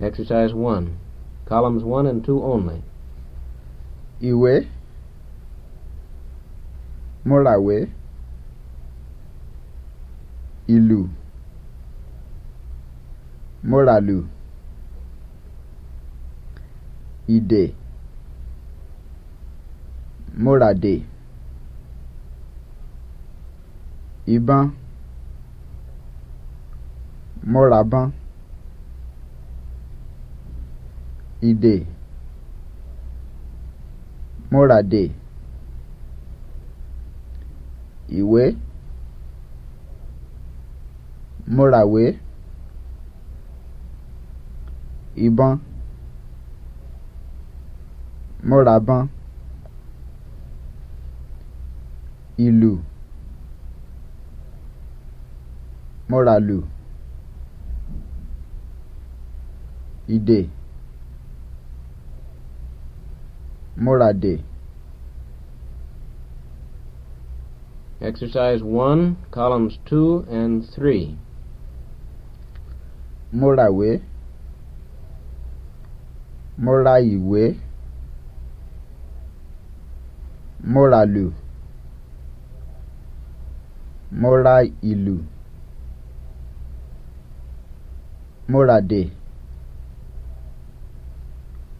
Exercise 1, columns 1 and 2 only. Ìwé Mo we. Ìlù Moralu. Ìdè Mo Iban. Ìbọn Mo ìdè móràdè ìwé móràwé ìbọn móràbọn ìlù móràlù ìdè. Murade. Exercise 1, columns 2 and 3. Murawe. Muraiwe. Muralu. Murailu. Murade.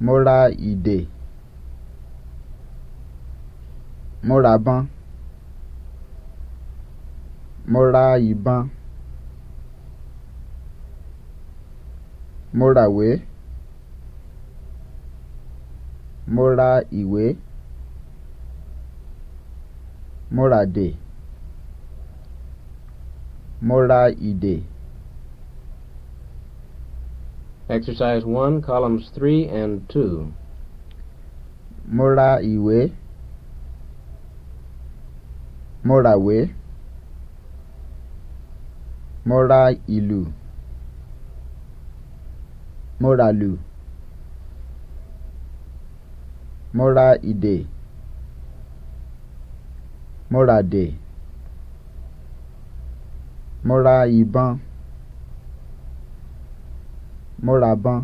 Muraide. Mo ra bán. Mo ra ìbọn. Mo ràwé. Mo ra ìwé. Mo de. Mo ra ìdè. Exercise 1, columns 3 and 2. Mo ra ìwé. Mo ràwé, mo ra ìlù, mo ràlù, mo ra ìdè, mo ràdè, mo ra ìbọn, mo ràbọn.